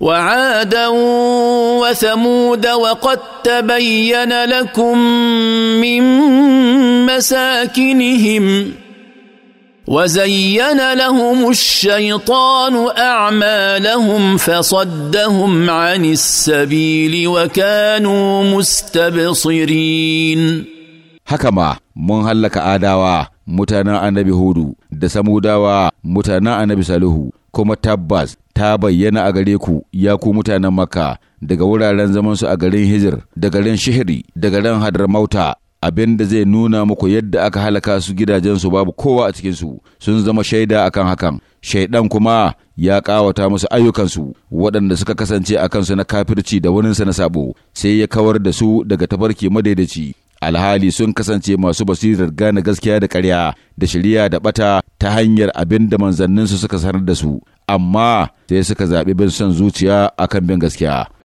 وعادا وثمود وقد تبين لكم من مساكنهم وزين لهم الشيطان اعمالهم فصدهم عن السبيل وكانوا مستبصرين حكما من هلك اداوا متنا annabi hudu da متنا mutanen annabi كما kuma ta bayyana a gare ku ya ku mutanen Makka daga wuraren zaman su a garin Hijir, da garin Shihri, da garin Hadramauta, abin da zai nuna muku yadda aka halaka su gidajensu babu kowa a cikinsu sun zama shaida akan hakan shaidan kuma ya kawata musu ayyukansu waɗanda suka kasance a kansu na kafirci da sa na sabo sai ya kawar da su daga tafarki madaidaici alhali sun kasance masu basirar gane gaskiya da ƙarya da shari'a da ɓata ta hanyar abin da manzanninsu suka sanar da su amma sai suka zaɓi bin son zuciya akan bin gaskiya